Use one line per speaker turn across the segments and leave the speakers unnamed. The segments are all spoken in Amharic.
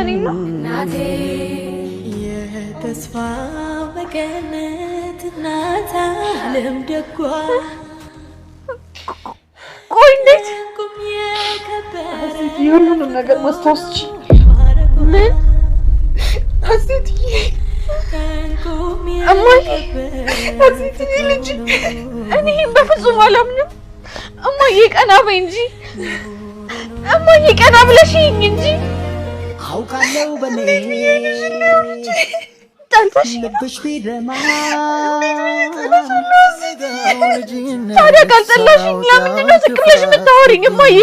እኔ
እናቴ የተስፋ መቀነት እናት
አለም ደጓ ቆይ
የሁሉንም ነገር ማስታወስ ምን አሴትዬ እማዬ አሴትዬ ልጅ
እኔ ይህን በፍጹም አላምንም እማዬ ቀና በይ እንጂ እማዬ ቀና ብለሽኝ እንጂ
አውቃለሁ በኔ
ልብሽ ቢደማ ታዲያ ካልጠላሽኝ ለምንድነው ዝቅ ብለሽ የምታወሪኝ እማዬ?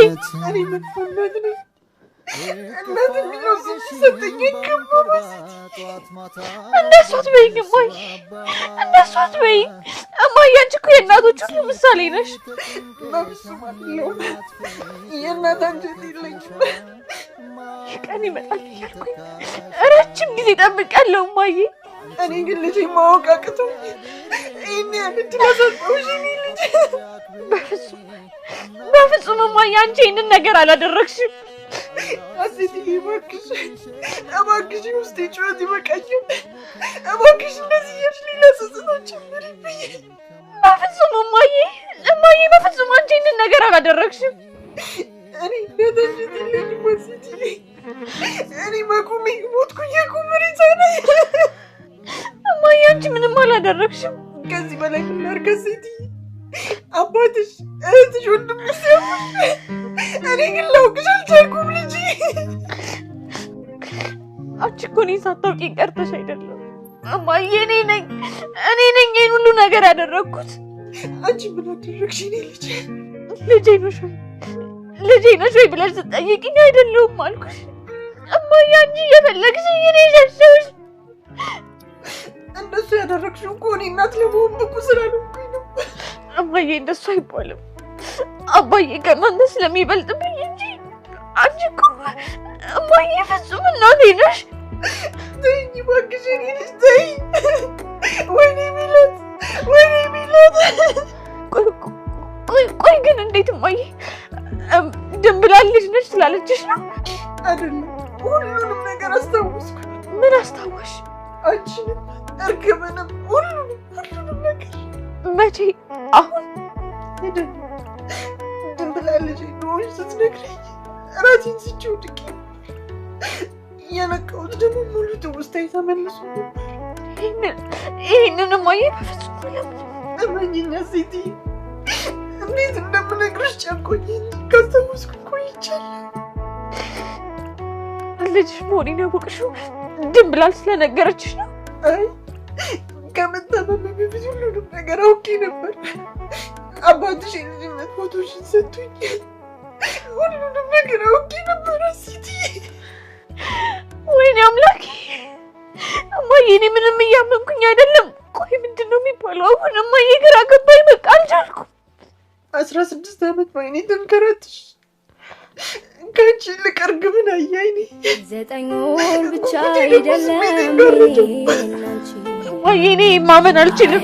እናት የሚለው ስም ሲሰጠኝ
እንደሱ አትበይኝ እማዬ፣ እንደሱ አትበይኝ እማዬ። አንቺ እኮ የእናቶች ሁሉ ምሳሌ ነሽ።
የእናት አንጀት የለኝም።
ቀን ይመጣል እያልኩኝ ረጅም ጊዜ ጠብቄያለሁ እማዬ።
እኔ ግን ልጄ ማወቅ አቅቶኝ ይህን ያምድላሰጠውሽ ልጅ
በፍጹም በፍጹም እማዬ፣ አንቺ ይህንን ነገር አላደረግሽም።
አሴትዬ እባክሽ እባክሽ ውስጤ ጩኸት ይበቃኛል። እባክሽ እንደዚህ እያልሽ ሌላ
በፍጹም እማዬ፣ እማዬ በፍጹም አንቺ ይህንን ነገር አላደረግሽም።
እኔ ለተንሽት የለኝም አሴትዬ። እኔ በቁሜ ሞትኩኝ። የቁምሪ ሰነ
እማዬ፣ አንቺ ምንም አላደረግሽም።
ከዚህ በላይ ምን ላድርግ አባትሽ፣ እህትሽ፣ ወንድምሽ እኔ ግን ላውቅሽ አልቻልኩም። ልጅ
አንቺ እኮ እኔን ሳታውቂኝ ቀርተሽ አይደለም እማዬ፣ እኔ ነኝ እኔ ነኝ ይሄን ሁሉ ነገር ያደረግኩት።
አንቺ ምን አደረግሽ? እኔ ልጅ
ልጄ ነሽ ወይ ልጄ ነሽ ወይ ብለሽ ስጠይቅኝ አይደለሁም አልኩሽ። እማዬ፣ አንቺ እየፈለግሽ እኔ ሸሸሽ።
እንደሱ ያደረግሽው እኮ እኔ እናት ለመሆን ብቁ ስላልኩኝ
እማዬ እንደሱ አይባልም። አባዬ ከእናንተ ስለሚበልጥብኝ እንጂ አንቺ እኮ እማዬ ፍጹም እናቴ ነሽ።
ተይኝ እባክሽ እኔ ነሽ ተይ። ወይኔ ሚላት ወይኔ ሚላት።
ቆይ ቆይ ግን እንዴት እማዬ ድንብላል ልጅ ነች ስላለችሽ ነው
አይደለም? ሁሉንም ነገር አስታወስኩ።
ምን አስታወሽ?
አንቺንም እርግብንም ሁሉንም ሁሉንም ነገር
መቼ አሁን
ድንብላለች ሆች ስትነግረኝ ራሴን ስችው ድቅ የነቃሁት ደግሞ ሙሉ ትውስታ ተመልሶ
ይህንን ማየ በፍጹም
እመኝኛ ሴት እንዴት እንደምነግርሽ ጨንቆኝ ካስተመስኩ እኮ ይቻላል።
ልጅሽ መሆኔን ያወቅሽው ድንብላል ስለነገረችሽ ነው።
ከመታመም በፊት ሁሉንም ነገር አውቄ ነበር። አባትሽ የልጅነት ፎቶሽን ሰጡኝ። ሁሉንም ነገር አውቄ ነበር። ሲቲ
ወይኔ አምላኬ! እማዬ እኔ ምንም እያመንኩኝ አይደለም። ቆይ ምንድን ነው የሚባለው? አሁን እማዬ ግራ ገባኝ። በቃ አልቻልኩም።
አስራ ስድስት ዓመት ወይኔ ተንከራትሽ ከአንቺ ይልቅ እርግብን አያይኔ ዘጠኝ ወር ብቻ አይደለም
ወይ እኔ ማመን አልችልም።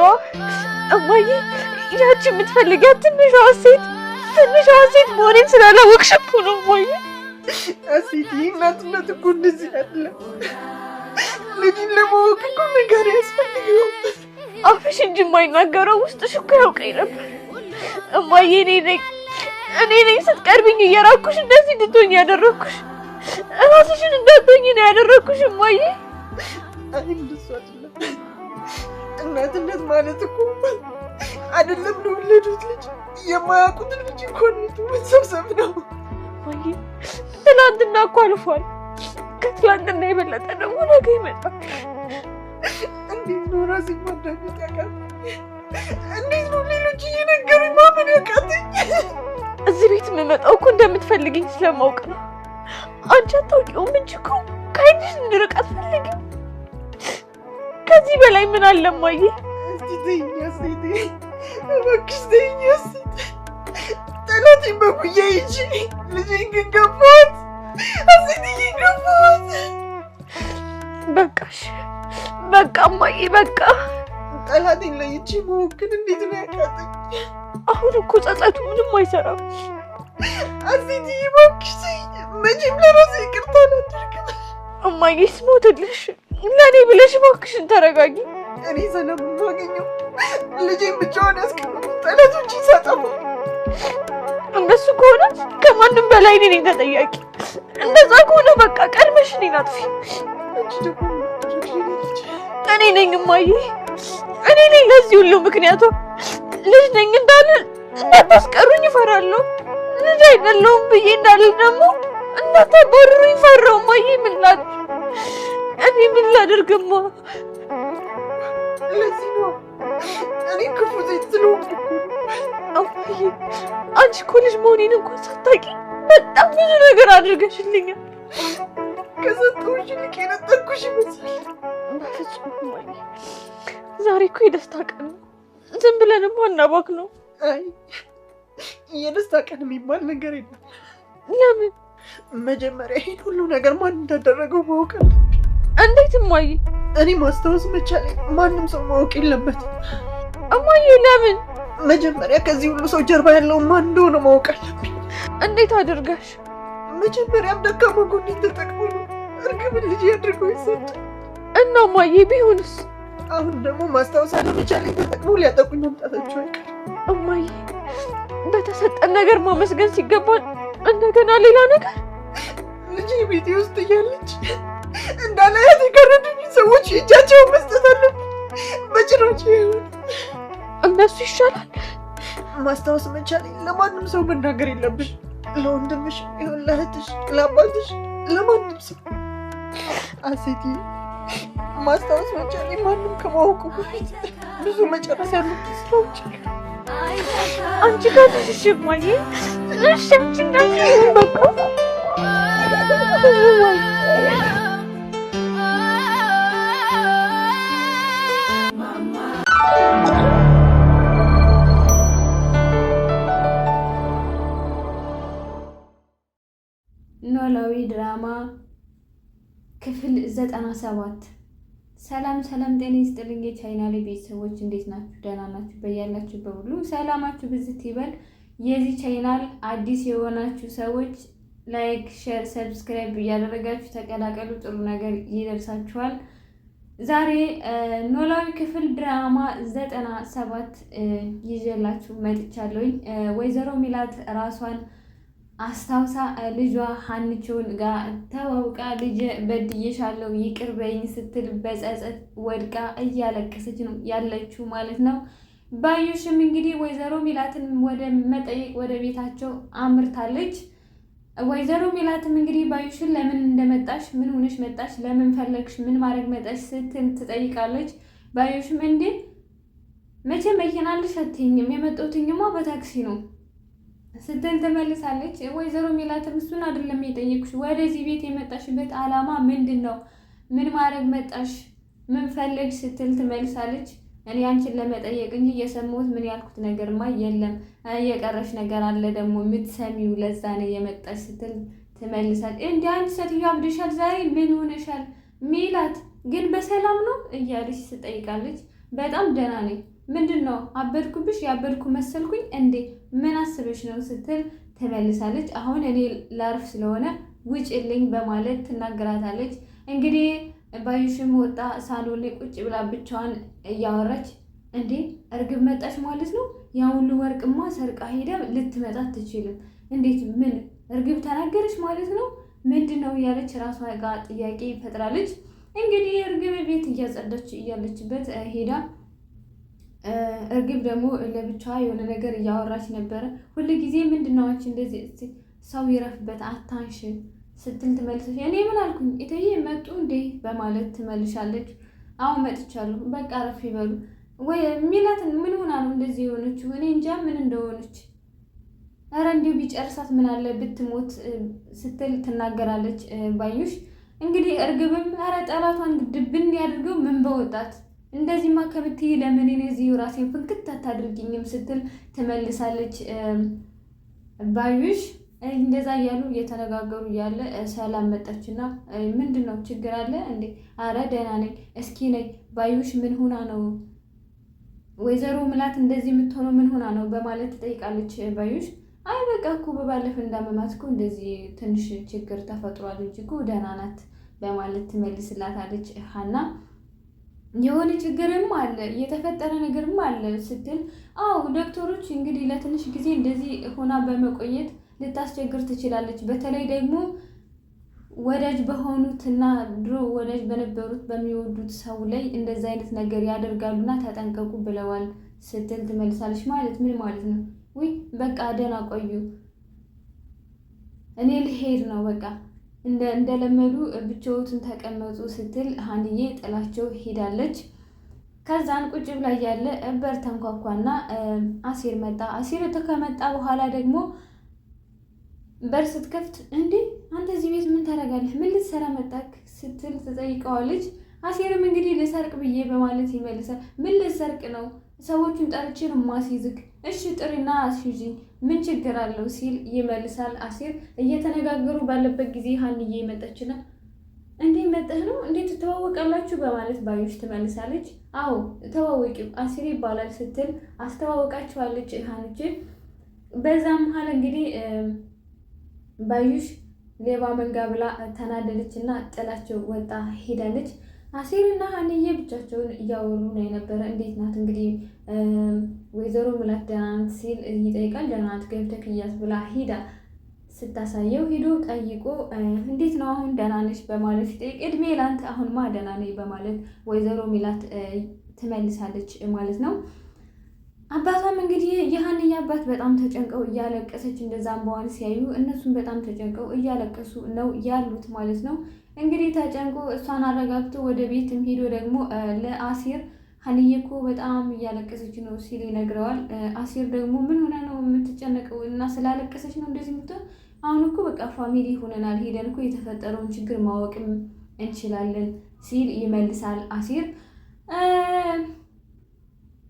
ነው እማዬ። ያቺ የምትፈልጊያት ትንሿ ሴት ትንሿ ሴት መሆኔን ስላላወቅሽ እኮ ነው እማዬ።
አሴት እናትነት እኮ እንደዚህ አለ። ልጅን ለማወቅ እኮ ነገር ያስፈልገው
አፍሽ እንጂ የማይናገረው ውስጥሽ እኮ ያውቀኝ ነበር እማዬ። እኔ ነኝ እኔ ነኝ ስትቀርብኝ እየራኩሽ እንደዚህ እንድትሆኝ ያደረኩሽ። እራስሽን እንዳትሆኝ ነው ያደረኩሽ እማዬ።
እናትነት ማለት እኮ አይደለም ለወለዱት ልጅ የማያውቁትን ልጅ ኮንቱ መሰብሰብ ነው።
ትላንትና እኮ አልፏል። ከትላንትና የበለጠ ደግሞ ነገ ይመጣል።
እንዴት ነው ራሴን ማዳመጥ ያቃተኝ? እንዴት ነው ሌሎች እየነገሩኝ ማመን ያቃተኝ?
እዚህ ቤት የምመጣው እኮ እንደምትፈልግኝ ስለማውቅ ነው። አንቺ አታውቂውም እንጂ እኮ ከአይንሽ እንድርቅ አትፈልጊም ከዚህ በላይ ምን አለ እማዬ?
እስቲ ተይኝ፣ እባክሽ ተይኝ። ጠላቴን በጉያ ይቺ ልጄን ግን ገፋት፣ አሴትዬ ገፋት።
በቃሽ፣ በቃ እማዬ፣ በቃ
ጠላቴን ለይቼ መወክን እንዴት ነው ያቃተኝ።
አሁን እኮ ጸጸቱ ምንም አይሰራም።
አሴትዬ እባክሽ ተይኝ፣ መቼም ለራሴ ይቅርታ አላደርግም።
እማዬ ስሞትልሽ ለእኔ ብለሽ እባክሽን ተረጋጊ።
እኔ ስለምታገኘው ልጄን ብቻዋን ያስቀምጡ ጠላቶች ይሰጠሙ።
እንደሱ ከሆነ ከማንም በላይ እኔ ነኝ ተጠያቂ። እንደዛ ከሆነ በቃ ቀድመሽ እኔን አጥፊ። እኔ ነኝ እማዬ፣ እኔ ነኝ ለዚህ ሁሉ ምክንያቱ። ልጅ ነኝ እንዳልል እንዳታስቀሩኝ ይፈራለሁ። ልጅ አይደለሁም ብዬ እንዳለ ደግሞ እንዳታባርሩኝ ፈራው። እማዬ ምን ላድርግ? እኔ ምን ላደርግማ?
ለዚህ ነው እኔ ክፉ ሴት ስለሆንኩ።
አንቺ እኮ ልጅ መሆኔን እንኳን ሳታቂ በጣም ብዙ ነገር አድርገሽልኛል።
ከሰጠሁሽ ይልቅ የነጠኩሽ ይመስላል።
ዛሬ እኮ የደስታ ቀን ነው። ዝም ብለን አናባክ ነው።
አይ የደስታ ቀን የሚባል ነገር የለም። ለምን መጀመሪያ ይሄን ሁሉ ነገር ማን እንዳደረገው ማወቅ አለብኝ።
እንዴት እማዬ?
እኔ ማስታወስ መቻል ማንም ሰው ማወቅ የለበት
እማዬ። ለምን?
መጀመሪያ ከዚህ ሁሉ ሰው ጀርባ ያለው ማን እንደሆነ ማወቅ አለብኝ።
እንዴት አድርጋሽ?
መጀመሪያም ደካማ ጎን ተጠቅሞ እርግብን ልጅ ያድርገው ይሰጥ
እና እማዬ፣ ቢሆንስ?
አሁን ደግሞ ማስታወስ አለመቻል ተጠቅሞ ሊያጠቁኝ መምጣታቸው አይቀር
እማዬ። በተሰጠን ነገር ማመስገን ሲገባን እንደገና ሌላ ነገር
ልጅ ቤቴ ውስጥ እያለች እንዳላያት የገረዱኝ ሰዎች እጃቸውን መስጠት አለብኝ። በጭራሽ
እነሱ ይሻላል።
ማስታወስ መቻል ለማንም ሰው መናገር የለብሽ። ለወንድምሽ ይሁን ለእህትሽ፣ ለአባትሽ፣ ለማንም ሰው አሴቲ ማስታወስ መቻል ማንም ከማወቁ በፊት ብዙ መጨረስ ያሉት ስራዎች
አንቺ ጋር ትሽሽ ማየ ሽምችና በቃ
ድራማ ክፍል ዘጠና ሰባት ሰላም ሰላም፣ ጤና ይስጥልኝ ላይ ቤተሰቦች እንዴት ናችሁ? ደህና ናችሁ? በያላችሁ ሁሉ ሰላማችሁ ብዝት ይበል። የዚህ ቻይናል አዲስ የሆናችሁ ሰዎች ላይክ፣ ሼር፣ ሰብስክራይብ እያደረጋችሁ ተቀላቀሉ። ጥሩ ነገር ይደርሳችኋል። ዛሬ ኖላዊ ክፍል ድራማ ዘጠና ሰባት ይዤላችሁ መጥቻለሁኝ። ወይዘሮ ሚላት ራሷን አስታውሳ ልጇ ሀንቾን ጋር ተዋውቃ ልጄ በድዬሻለሁ ይቅር በይኝ ስትል በጸጸት ወድቃ እያለቀሰች ነው ያለችው ማለት ነው። ባዩሽም እንግዲህ ወይዘሮ ሚላትን ወደ መጠየቅ ወደ ቤታቸው አምርታለች። ወይዘሮ ሚላትም እንግዲህ ባዩሽን ለምን እንደመጣሽ፣ ምን ሆነሽ መጣሽ፣ ለምን ፈለግሽ፣ ምን ማድረግ መጣሽ ስትል ትጠይቃለች። ባዩሽም እንዴ መቼ መኪና አልሸትኝም የመጣሁትኝማ በታክሲ ነው ስትል ትመልሳለች። ወይዘሮ ሜላትም እሱን አይደለም የጠየቅሽ፣ ወደዚህ ቤት የመጣሽበት አላማ ምንድን ነው? ምን ማድረግ መጣሽ? ምን ፈለግ? ስትል ትመልሳለች። እኔ አንቺን ለመጠየቅ እንጂ የሰማሁት ምን ያልኩት ነገርማ የለም። የቀረሽ ነገር አለ ደግሞ የምትሰሚው፣ ለዛ ነው የመጣሽ ስትል ትመልሳል። እንዲ አንቺ ሴትዮ አብደሻል፣ ዛሬ ምን ሆነሻል? ሜላት ግን በሰላም ነው እያለች ትጠይቃለች። በጣም ደህና ነኝ። ምንድን ነው አበድኩብሽ? ያበድኩ መሰልኩኝ እንዴ? ምን አስበሽ ነው ስትል ትመልሳለች። አሁን እኔ ላርፍ ስለሆነ ውጭልኝ በማለት ትናገራታለች። እንግዲህ ባዩሽም ወጣ። ሳሎን ላይ ቁጭ ብላ ብቻዋን እያወራች እንዴ እርግብ መጣች ማለት ነው? ያ ሁሉ ወርቅማ ሰርቃ ሄደ ልትመጣ ትችልም። እንዴት ምን እርግብ ተናገረች ማለት ነው? ምንድን ነው እያለች ራሷ ጋር ጥያቄ ይፈጥራለች። እንግዲህ እርግብ ቤት እያጸዳች እያለችበት ሄዳ እርግብ ደግሞ ለብቻዋ የሆነ ነገር እያወራች ነበረ። ሁሉ ጊዜ ምንድናዎች እንደዚህ ሰው ይረፍበት አታንሽ ስትል ትመልሰች። እኔ ምን አልኩኝ እትዬ መጡ እንዴ በማለት ትመልሻለች። አሁን መጥቻለሁ በቃ ረፍ ይበሉ ወይ ሚላትን ምን ሆና ነው እንደዚህ የሆነችው? እኔ እንጃ ምን እንደሆነች። ኧረ እንዲሁ ቢጨርሳት ምን አለ ብትሞት ስትል ትናገራለች ባዩሽ እንግዲህ እርግብም ኧረ ጠላቷን ድብን ያድርገው ምን በወጣት እንደዚህማ ከምት ለምን እኔ እዚሁ ራሴን ፍንክት አታድርጊኝም ስትል ትመልሳለች ባዩሽ። እንደዛ እያሉ እየተነጋገሩ እያለ ሰላም መጣችና ምንድን ነው ችግር አለ እንዴ? አረ ደህና ነኝ። እስኪ ነኝ ባዩሽ ምን ሆና ነው ወይዘሮ ምላት እንደዚህ የምትሆነው ምን ሆና ነው በማለት ትጠይቃለች ባዩሽ አይ በቃ እኮ በባለፈ እንዳመማት እኮ እንደዚህ ትንሽ ችግር ተፈጥሯል እንጂ እኮ ደህና ናት በማለት ትመልስላታለች ሀና። የሆነ ችግርም አለ የተፈጠረ ነገርም አለ ስትል፣ አዎ ዶክተሮች እንግዲህ ለትንሽ ጊዜ እንደዚህ ሆና በመቆየት ልታስቸግር ትችላለች። በተለይ ደግሞ ወዳጅ በሆኑት እና ድሮ ወዳጅ በነበሩት በሚወዱት ሰው ላይ እንደዚህ አይነት ነገር ያደርጋሉና ተጠንቀቁ ብለዋል ስትል ትመልሳለች። ማለት ምን ማለት ነው? ውይ በቃ ደህና ቆዩ፣ እኔ ልሄድ ነው በቃ እንደለመዱ ብቻዎትን ተቀመጡ ስትል ሀንዬ ጥላቸው ሄዳለች። ከዛን ቁጭብ ብላ ያለ በር ተንኳኳና አሲር መጣ። አሲር ከመጣ በኋላ ደግሞ በር ስትከፍት እንዴ አንተ እዚህ ቤት ምን ታደርጋለህ? ምን ልትሰራ መጣክ? ስትል ትጠይቀዋለች። አሴርም እንግዲህ ልሰርቅ ብዬ በማለት ይመልሳል። ምን ልሰርቅ ነው? ሰዎቹን ጠርቼ ነው ማስይዝክ እሺ ጥሪና አስይዤ ምን ችግር አለው ሲል ይመልሳል አሲር። እየተነጋገሩ ባለበት ጊዜ ሀንዬ ነው። እንዴ መጠህ ነው እንዴት ትተዋወቃላችሁ? በማለት ባዩሽ ትመልሳለች። አዎ ተዋወቂው አሲር ይባላል ስትል አስተዋወቃችኋለች ሀንች። በዛ መሀል እንግዲህ ባዩሽ ሌባ መንጋ ብላ ተናደደች እና ጥላቸው ወጣ ሄዳለች። አሲርና ሀንዬ ብቻቸውን እያወሩ ነው የነበረ። እንዴት ናት እንግዲህ ወይዘሮ ሙላት ደህና ናት ሲል ይጠይቃል። ደህና ናት ገብተህ ክያስ ብላ ሂዳ ስታሳየው ሂዶ ጠይቆ እንዴት ነው አሁን ደህና ነች በማለት ሲጠይቅ እድሜ ላንተ አሁንማ ደህና ነኝ በማለት ወይዘሮ ሚላት ትመልሳለች ማለት ነው። አባቷም እንግዲህ የሀንዬ አባት በጣም ተጨንቀው እያለቀሰች እንደዛም በዋል ሲያዩ እነሱም በጣም ተጨንቀው እያለቀሱ ነው ያሉት ማለት ነው። እንግዲህ ተጨንቆ እሷን አረጋግቶ ወደ ቤትም ሂዶ ደግሞ ለአሲር ሀልዬ እኮ በጣም እያለቀሰች ነው ሲል ይነግረዋል። አሲር ደግሞ ምን ሆነ ነው የምትጨነቀው? እና ስላለቀሰች ነው እንደዚህ የምትሆን? አሁን እኮ በቃ ፋሚሊ ሆነናል፣ ሄደን እኮ የተፈጠረውን ችግር ማወቅም እንችላለን ሲል ይመልሳል አሲር።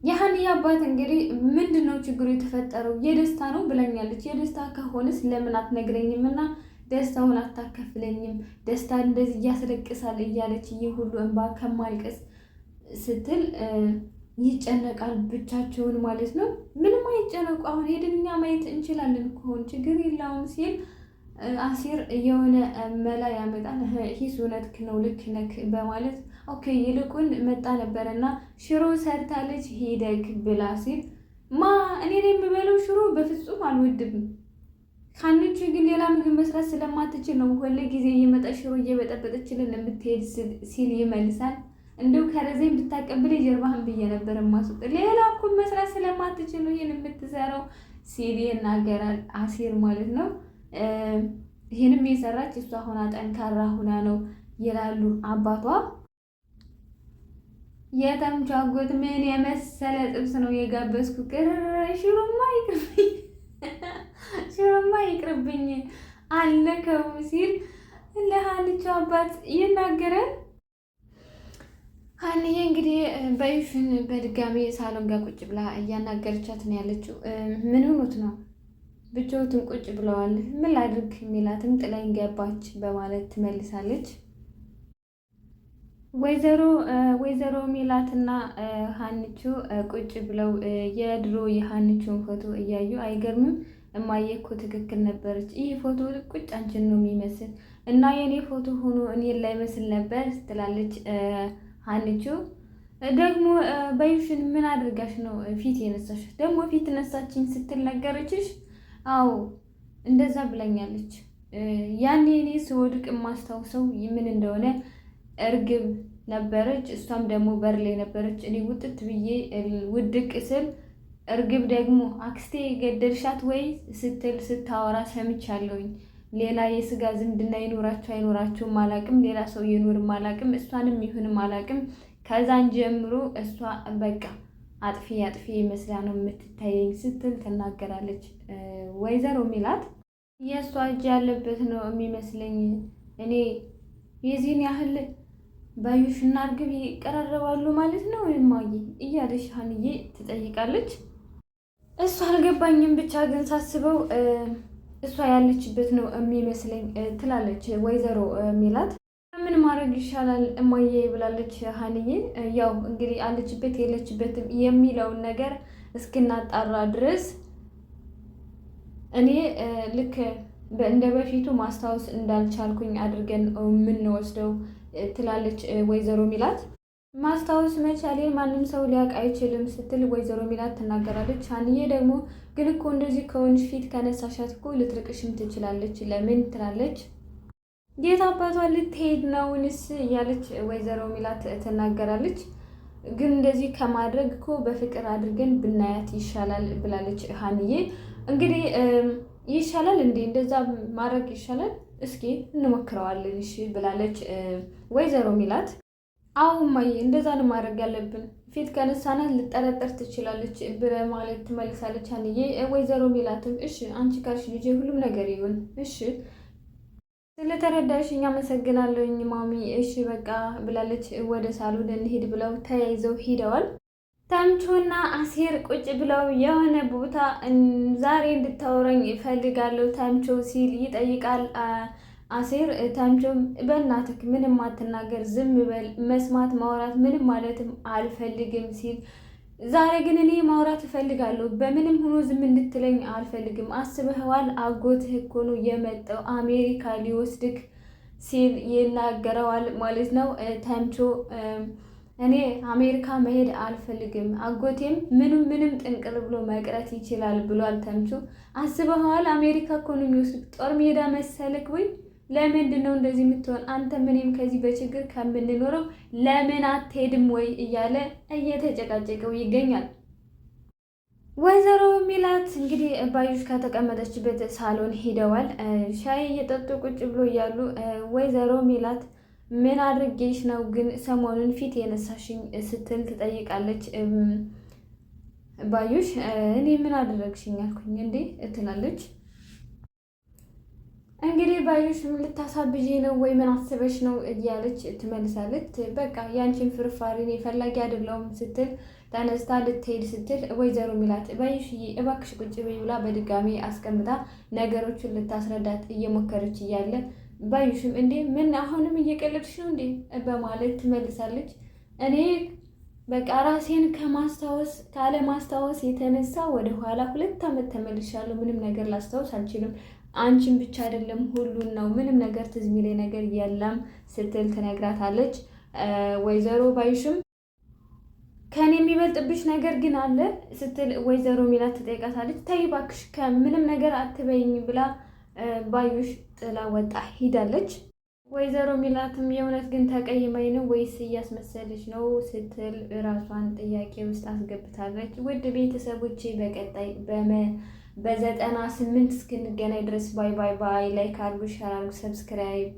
የሀኒ አባት እንግዲህ ምንድን ነው ችግሩ የተፈጠረው? የደስታ ነው ብለኛለች። የደስታ ከሆነስ ለምን አትነግረኝም? እና ደስታውን አታከፍለኝም? ደስታ እንደዚህ እያስለቅሳል እያለች ይህ ሁሉ እንባ ከማልቀስ ስትል ይጨነቃል። ብቻቸውን ማለት ነው። ምንም አይጨነቁ፣ አሁን ሄድን እኛ ማየት እንችላለን ከሆን ችግር የለውም ሲል አሲር የሆነ መላ ያመጣል። ሂስ እውነትህ ነው ልክ ነክ በማለት ኦኬ፣ ይልቁን መጣ ነበረ እና ሽሮ ሰርታለች ሄደክ ብላ ሲል ማ እኔ የምበለው ሽሮ በፍጹም አልወድም ካንቺ ግን ሌላ ምግብ መስራት ስለማትችል ነው ሁሌ ጊዜ እየመጣ ሽሮ እየበጠበጠችልን የምትሄድ ሲል ይመልሳል። እንደው ከረዘኝ ብታቀብል የጀርባህን ብዬ ነበር ማስወጥ። ሌላ እኮ መስራት ስለማትችሉ ይህን የምትሰራው ሲል ይናገራል አሴር ማለት ነው። ይህንም የሰራች እሷ ሆና ጠንካራ ሁና ነው ይላሉ አባቷ። የተም አጎት ምን የመሰለ ጥብስ ነው የጋበዝኩ። ቅር ሽሮማ ይቅርብኝ፣ ሽሮማ ይቅርብኝ አለከው ሲል ለሀንቹ አባት ይናገራል። ሀኒዬ እንግዲህ በይፍን በድጋሚ ሳሎን ጋር ቁጭ ብላ እያናገረቻት ነው ያለችው። ምን ሆኖት ነው ብቻዎትን ቁጭ ብለዋል፣ ምን ላድርግ የሚላትም ጥላኝ ገባች በማለት ትመልሳለች። ወይዘሮ ወይዘሮ ሚላትና ሀንቹ ቁጭ ብለው የድሮ የሀንቹን ፎቶ እያዩ አይገርምም እማዬ እኮ ትክክል ነበረች፣ ይህ ፎቶ ቁጭ አንቺን ነው የሚመስል እና የእኔ ፎቶ ሆኖ እኔን ላይመስል ነበር ትላለች። አለችው። ደግሞ በዩሽን ምን አድርጋሽ ነው ፊት የነሳሽ? ደግሞ ፊት ነሳችኝ ስትል ነገረችሽ? አዎ እንደዛ ብላኛለች። ያኔ እኔ ስወድቅ የማስታውሰው ምን እንደሆነ እርግብ ነበረች፣ እሷም ደግሞ በር ላይ ነበረች። እኔ ውጥት ብዬ ውድቅ ስል እርግብ ደግሞ አክስቴ ገደልሻት ወይ ስትል ስታወራ ሰምቻለሁኝ። ሌላ የስጋ ዝምድና ይኖራቸው አይኖራቸውም አላቅም። ሌላ ሰው ይኖርም አላቅም። እሷንም ይሁንም አላቅም። ከዛን ጀምሮ እሷ በቃ አጥፊ አጥፊ መስላ ነው የምትታየኝ ስትል ትናገራለች። ወይዘሮ ሚላት የእሷ እጅ ያለበት ነው የሚመስለኝ። እኔ የዚህን ያህል ባዩሽና እርግብ ይቀራረባሉ ማለት ነው እማዬ እያለች ሀንዬ ትጠይቃለች። እሷ አልገባኝም ብቻ ግን ሳስበው እሷ ያለችበት ነው የሚመስለኝ ትላለች ወይዘሮ ሚላት። ምን ማድረግ ይሻላል እማዬ ብላለች ሀንዬ። ያው እንግዲህ አለችበት የለችበትም የሚለውን ነገር እስክናጣራ ድረስ እኔ ልክ እንደ በፊቱ ማስታወስ እንዳልቻልኩኝ አድርገን የምንወስደው ትላለች ወይዘሮ ሚላት። ማስታወስ መቻሌን ማንም ሰው ሊያውቅ አይችልም ስትል ወይዘሮ ሚላት ትናገራለች። አንዬ ደግሞ ግን እኮ እንደዚህ ከሆንሽ ፊት ከነሳሻት እኮ ልትርቅሽም ትችላለች ለምን ትላለች። የት አባቷ ልትሄድ ነውንስ እያለች ወይዘሮ ሚላት ትናገራለች። ግን እንደዚህ ከማድረግ እኮ በፍቅር አድርገን ብናያት ይሻላል ብላለች ሀንዬ። እንግዲህ ይሻላል እንዴ እንደዛ ማድረግ ይሻላል? እስኪ እንሞክረዋለን ብላለች ወይዘሮ ሚላት አሁን ማየ እንደዛ ነው ማድረግ ያለብን። ፊት ከነሳናት ልጠረጠር ትችላለች በማለት ማለት ትመልሳለች። አንዬ ወይዘሮ ሜላትም እሺ አንቺ ካልሽ ልጅ ሁሉም ነገር ይሁን እሺ ስለተረዳሽኝ አመሰግናለሁኝ ማሚ እሺ በቃ ብላለች። ወደ ሳሎን እንሂድ ብለው ተያይዘው ሂደዋል። ተምቾና አሴር ቁጭ ብለው የሆነ ቦታ ዛሬ እንድታወራኝ እፈልጋለሁ ተምቾ ሲል ይጠይቃል። አሴር ታምቾም በእናትክ ምንም አትናገር፣ ዝም በል መስማት ማውራት ምንም ማለትም አልፈልግም ሲል ዛሬ ግን እኔ ማውራት እፈልጋለሁ፣ በምንም ሆኖ ዝም እንድትለኝ አልፈልግም። አስበህዋል? አጎትህ እኮ ነው የመጣው አሜሪካ ሊወስድክ ሲል ይናገረዋል ማለት ነው። ተምቾ እኔ አሜሪካ መሄድ አልፈልግም፣ አጎቴም ምንም ምንም ጥንቅር ብሎ መቅረት ይችላል ብሏል ተምቾ። አስበህዋል? አሜሪካ እኮ ነው ጦር ሜዳ መሰልክ ወይ ለምንድን ነው እንደዚህ የምትሆን? አንተ ምንም ከዚህ በችግር ከምንኖረው ለምን አትሄድም ወይ እያለ እየተጨቃጨቀው ይገኛል። ወይዘሮ ሚላት እንግዲህ ባዩሽ ከተቀመጠችበት ሳሎን ሄደዋል። ሻይ እየጠጡ ቁጭ ብሎ እያሉ ወይዘሮ ሚላት ምን አድርጌሽ ነው ግን ሰሞኑን ፊት የነሳሽኝ ስትል ትጠይቃለች። ባዩሽ እኔ ምን አደረግሽኝ አልኩኝ እንዴ ትላለች። እንግዲህ ባዩሽ ልታሳብዥ ነው ወይ ምን አስበሽ ነው እያለች ትመልሳለች። በቃ ያንቺን ፍርፋሪ እኔ ፈላጊ አይደለሁም ስትል ተነስታ ልትሄድ ስትል ወይዘሮ ሚላት ባዩሽ እባክሽ ቁጭ በይ ብላ በድጋሚ አስቀምጣ ነገሮችን ልታስረዳት እየሞከረች እያለ ባዩሽም እንዴ ምን አሁንም እየቀለድሽ ነው እንዴ በማለት ትመልሳለች። እኔ በቃ ራሴን ከማስታወስ ካለማስታወስ የተነሳ ወደኋላ ሁለት ዓመት ተመልሻለሁ። ምንም ነገር ላስታወስ አልችልም። አንቺን ብቻ አይደለም ሁሉን ነው፣ ምንም ነገር ትዝ የሚለኝ ነገር የለም ስትል ትነግራታለች። ወይዘሮ ባዩሽም ከኔ የሚበልጥብሽ ነገር ግን አለ ስትል ወይዘሮ ሚላት ትጠይቃታለች። ተይ እባክሽ ከምንም ነገር አትበይኝ ብላ ባዩሽ ጥላ ወጣ ሂዳለች። ወይዘሮ ሚላትም የእውነት ግን ተቀይመኝ ነው ወይስ እያስመሰለች ነው ስትል ራሷን ጥያቄ ውስጥ አስገብታለች። ውድ ቤተሰቦቼ በቀጣይ በመ በዘጠና ስምንት እስክንገናኝ ድረስ ባይ ባይ ባይ። ላይክ አድርጉ፣ ሸር አድርጉ፣ ሰብስክራይብ